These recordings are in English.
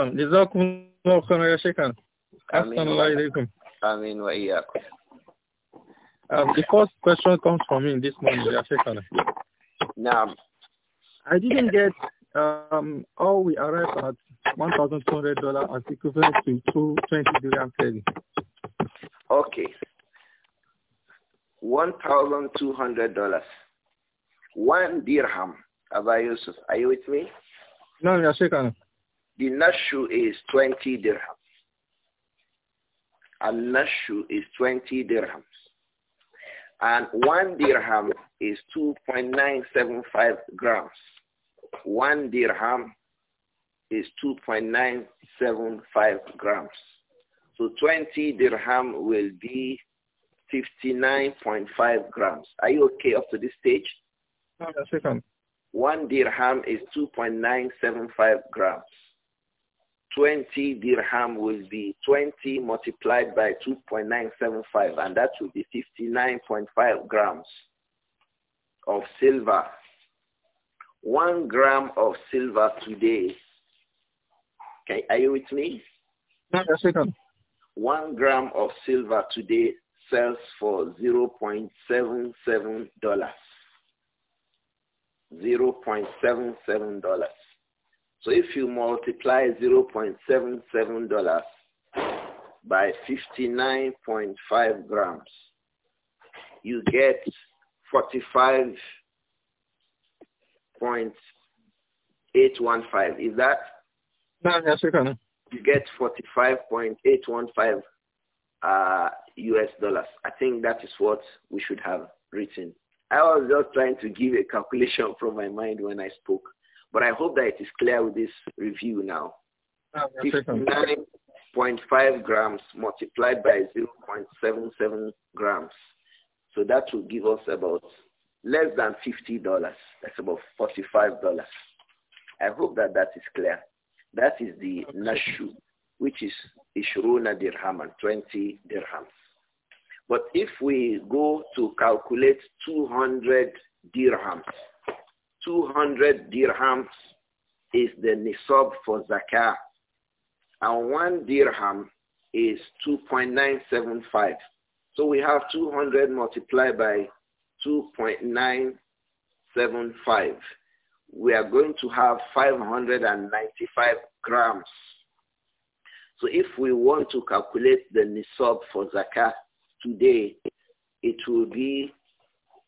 نعم جزاكم الله خيرا يا أحسن الله إليكم آمين وإياكم Uh, the first question comes from me this morning, No. I didn't get um we arrived at one thousand two hundred dollar as equivalent to two twenty dirham Okay. One thousand two hundred dollars. One dirham. Abba Yusuf, are you with me? No, Yashikana. The nashu is 20 dirhams. And nashu is 20 dirhams. And one dirham is 2.975 grams. One dirham is 2.975 grams. So 20 dirham will be 59.5 grams. Are you okay up to this stage? No, um. one dirham is 2.975 grams. 20 dirham will be 20 multiplied by 2.975 and that will be 59.5 grams of silver. One gram of silver today. Okay, are you with me? No, One gram of silver today sells for 0.77 dollars. 0.77 dollars. So if you multiply $0.77 by 59.5 grams, you get 45.815. Is that? No, yes, you can. You get 45.815 uh, US dollars. I think that is what we should have written. I was just trying to give a calculation from my mind when I spoke. But I hope that it is clear with this review now. 59.5 grams multiplied by 0.77 grams. So that will give us about less than $50. That's about $45. I hope that that is clear. That is the okay. Nashu, which is Ishruna dirham and 20 dirhams. But if we go to calculate 200 dirhams, 200 dirhams is the nisab for zakah. And one dirham is 2.975. So we have 200 multiplied by 2.975. We are going to have 595 grams. So if we want to calculate the nisab for zakah today, it will be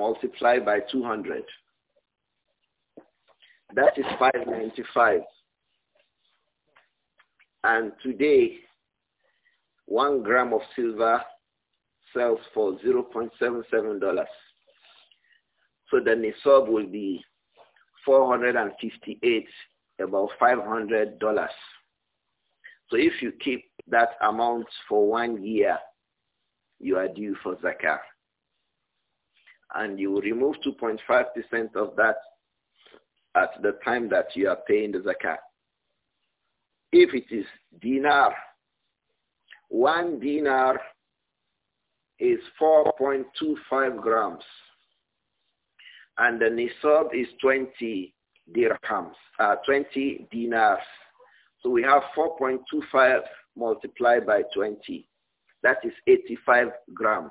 multiply by 200. That is 595. And today, one gram of silver sells for $0.77. So the nisab will be 458, about $500. So if you keep that amount for one year, you are due for zakah and you remove 2.5% of that at the time that you are paying the zakat. If it is dinar, one dinar is 4.25 grams and the nisab is 20 dirhams, uh, 20 dinars. So we have 4.25 multiplied by 20. That is 85 grams.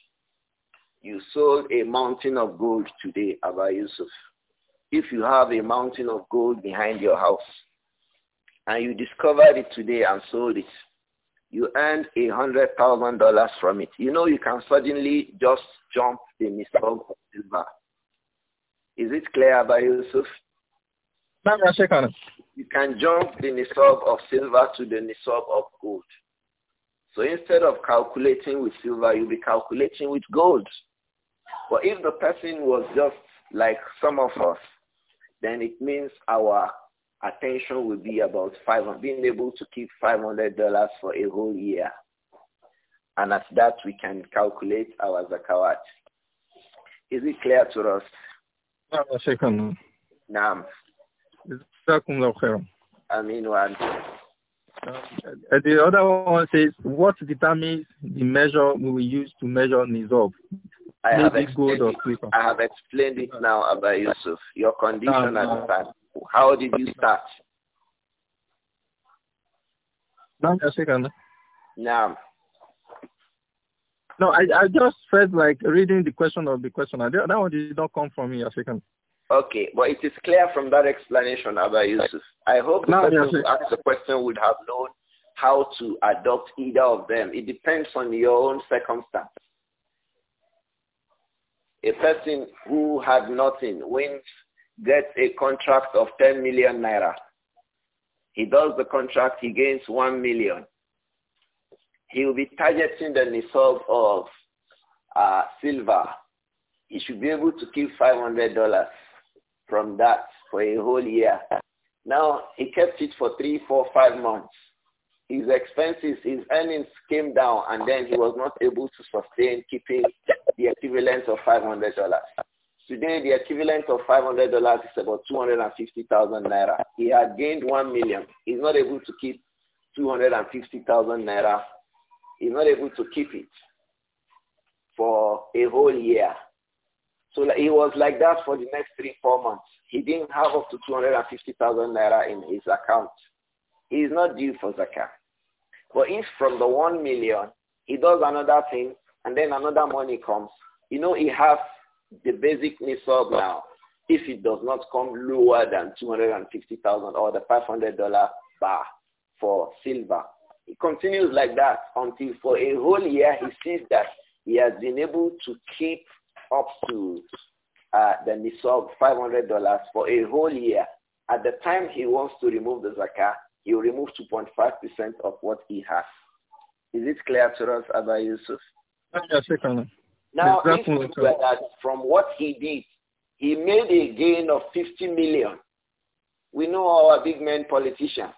You sold a mountain of gold today, Abba Yusuf. If you have a mountain of gold behind your house and you discovered it today and sold it, you earned a hundred thousand dollars from it. You know you can suddenly just jump the mistake of silver. Is it clear, Abba Yusuf? You can jump the nisab of silver to the nisab of gold. So instead of calculating with silver, you'll be calculating with gold. But if the person was just like some of us, then it means our attention will be about five, being able to keep $500 for a whole year. And at that, we can calculate our zakawat. Is it clear to us? No, Naam. Amin wa uh, The other one says, what determines the measure we will use to measure nizab? I have, explained it, I have explained it now, about Yusuf. Your condition at the time. How did you start? Now. No, I, I just felt like reading the question of the questioner. That one did not come from me, African. Okay, but it is clear from that explanation, Abba Yusuf. I hope the no, person who asked the question would have known how to adopt either of them. It depends on your own circumstance. A person who had nothing wins, gets a contract of 10 million naira. He does the contract, he gains 1 million. He will be targeting the nisab of uh, silver. He should be able to keep $500 from that for a whole year. Now, he kept it for three, four, five months his expenses, his earnings came down, and then he was not able to sustain keeping the equivalent of $500. Today, the equivalent of $500 is about 250,000 naira. He had gained 1 million. He's not able to keep 250,000 naira. He's not able to keep it for a whole year. So he was like that for the next three, four months. He didn't have up to 250,000 naira in his account. He is not due for zakat. But if from the one million, he does another thing and then another money comes, you know he has the basic nisab now. If it does not come lower than 250000 or the $500 bar for silver, it continues like that until for a whole year he sees that he has been able to keep up to uh, the nisab $500 for a whole year. At the time he wants to remove the zakah, he will remove 2.5% of what he has. Is it clear to us, Abba Yusuf? Yes, now, if that from what he did, he made a gain of 50 million. We know our big men politicians.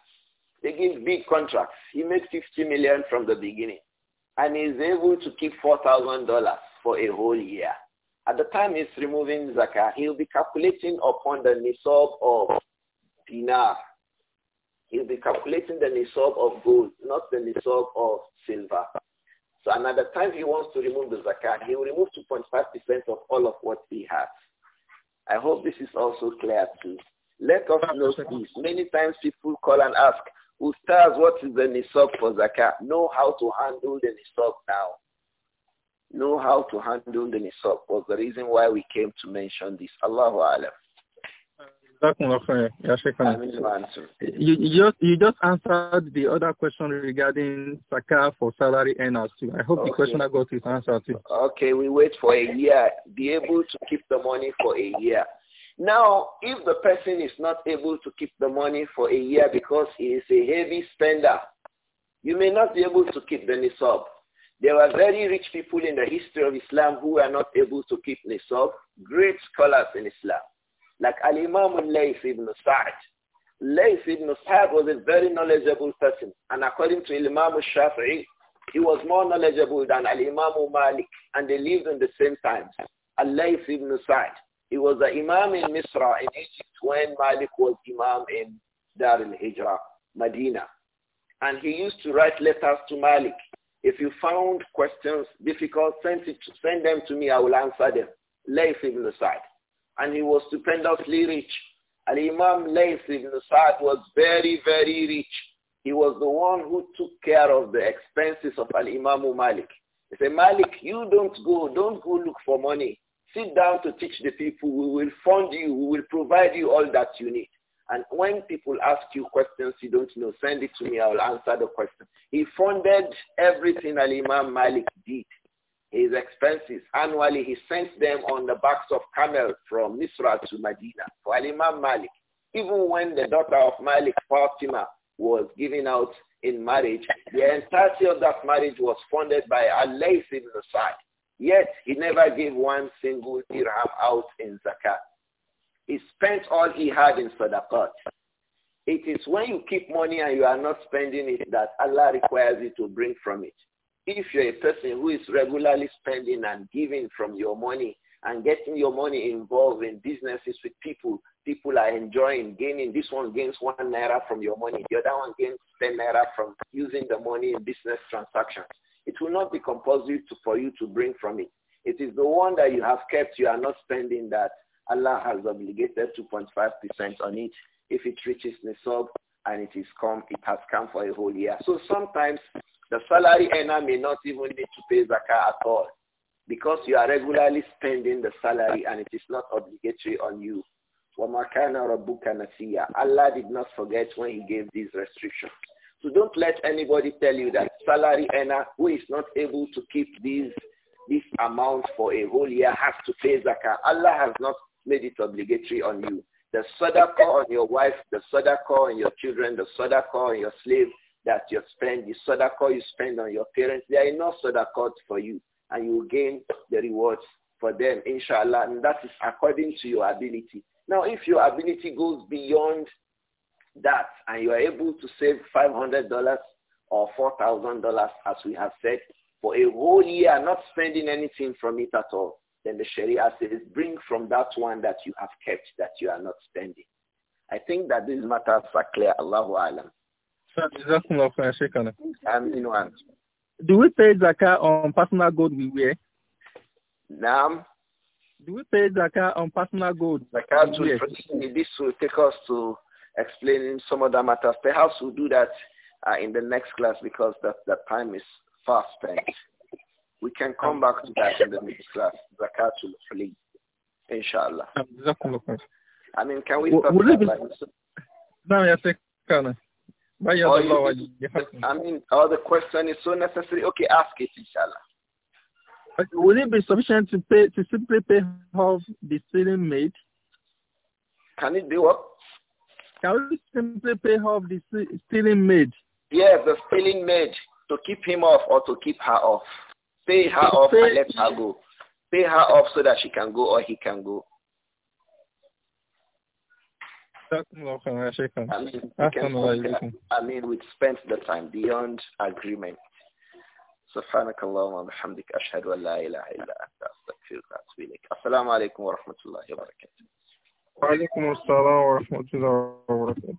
They give big contracts. He made 50 million from the beginning. And he's able to keep $4,000 for a whole year. At the time he's removing zakah, he'll be calculating upon the nisab of dinar, he'll be calculating the nisab of gold, not the nisab of silver. So another time he wants to remove the zakat, he will remove 2.5% of all of what he has. I hope this is also clear you. Let us know this. Many times people call and ask, Ustaz, what is the nisab for zakat? Know how to handle the nisab now. Know how to handle the nisab was the reason why we came to mention this. Allahu Alam. You, you just you just answered the other question regarding Saka for salary earners I hope okay. the question I got is answered too. Okay, we wait for a year, be able to keep the money for a year. Now, if the person is not able to keep the money for a year because he is a heavy spender, you may not be able to keep the nisab. There were very rich people in the history of Islam who were not able to keep nisab, great scholars in Islam. Like Al-Imam Layth ibn Sa'd. Layth ibn Sa'd was a very knowledgeable person. And according to Imam Shafi'i, he was more knowledgeable than Al-Imam Malik. And they lived in the same times. Al-Layth ibn Sa'd. He was the Imam in Misra in Egypt when Malik was Imam in Dar al Hijrah, Medina. And he used to write letters to Malik. If you found questions difficult, send, send them to me. I will answer them. Layth ibn Sa'd and he was stupendously rich. Al-Imam Layth ibn Sa'd was very, very rich. He was the one who took care of the expenses of Al-Imam Malik. He said, Malik, you don't go, don't go look for money. Sit down to teach the people. We will fund you. We will provide you all that you need. And when people ask you questions you don't know, send it to me. I will answer the question. He funded everything Al-Imam Malik did his expenses. Annually, he sends them on the backs of camels from Misra to Medina for Imam Malik. Even when the daughter of Malik, Fatima, was given out in marriage, the entirety of that marriage was funded by Allah layth ibn Sa'd. Yet, he never gave one single dirham out in zakat. He spent all he had in sadaqat. It is when you keep money and you are not spending it that Allah requires you to bring from it. If you're a person who is regularly spending and giving from your money and getting your money involved in businesses with people, people are enjoying, gaining. This one gains one naira from your money. The other one gains 10 naira from using the money in business transactions. It will not be compulsory to, for you to bring from it. It is the one that you have kept, you are not spending that. Allah has obligated 2.5% on it. If it reaches Nisab and it is come, it has come for a whole year. So sometimes the salary earner may not even need to pay zakah at all because you are regularly spending the salary and it is not obligatory on you. Allah did not forget when he gave these restrictions. So don't let anybody tell you that salary earner who is not able to keep these this amount for a whole year has to pay zakah. Allah has not made it obligatory on you. The sadaqah on your wife, the sadaqah on your children, the sadaqah on your slave, that you spend, the sadaqah you spend on your parents, they are enough sadaqah for you and you gain the rewards for them, inshallah. And that is according to your ability. Now, if your ability goes beyond that and you are able to save $500 or $4,000, as we have said, for a whole year, not spending anything from it at all, then the Sharia says bring from that one that you have kept that you are not spending. I think that these matters are clear. Allahu Alam. And do we pay zakah on personal gold we wear? Nam. Do we pay zakah on personal gold? Zakah to this will take us to explaining some other matters. Perhaps we'll do that uh, in the next class because that the time is fast spent. We can come back to that in the next class. Zakatul Fli, inshallah. I mean, can we stop? Like, so? No, yes, I mean, all the question is so necessary. Okay, ask it, inshallah. Will it be sufficient to pay to simply pay off the ceiling made? Can it be what? Can we simply pay off the ceiling made? Yes, the ceiling made to keep him off or to keep her off. Pay her off pay and let her go. Pay her off so that she can go or he can go. I mean, can, I mean, we spent the time beyond agreement. سبحانك اللهم وبحمدك أشهد أن لا إله إلا أنت أستغفرك وأتوب إليك السلام عليكم ورحمة الله وبركاته وعليكم السلام ورحمة الله وبركاته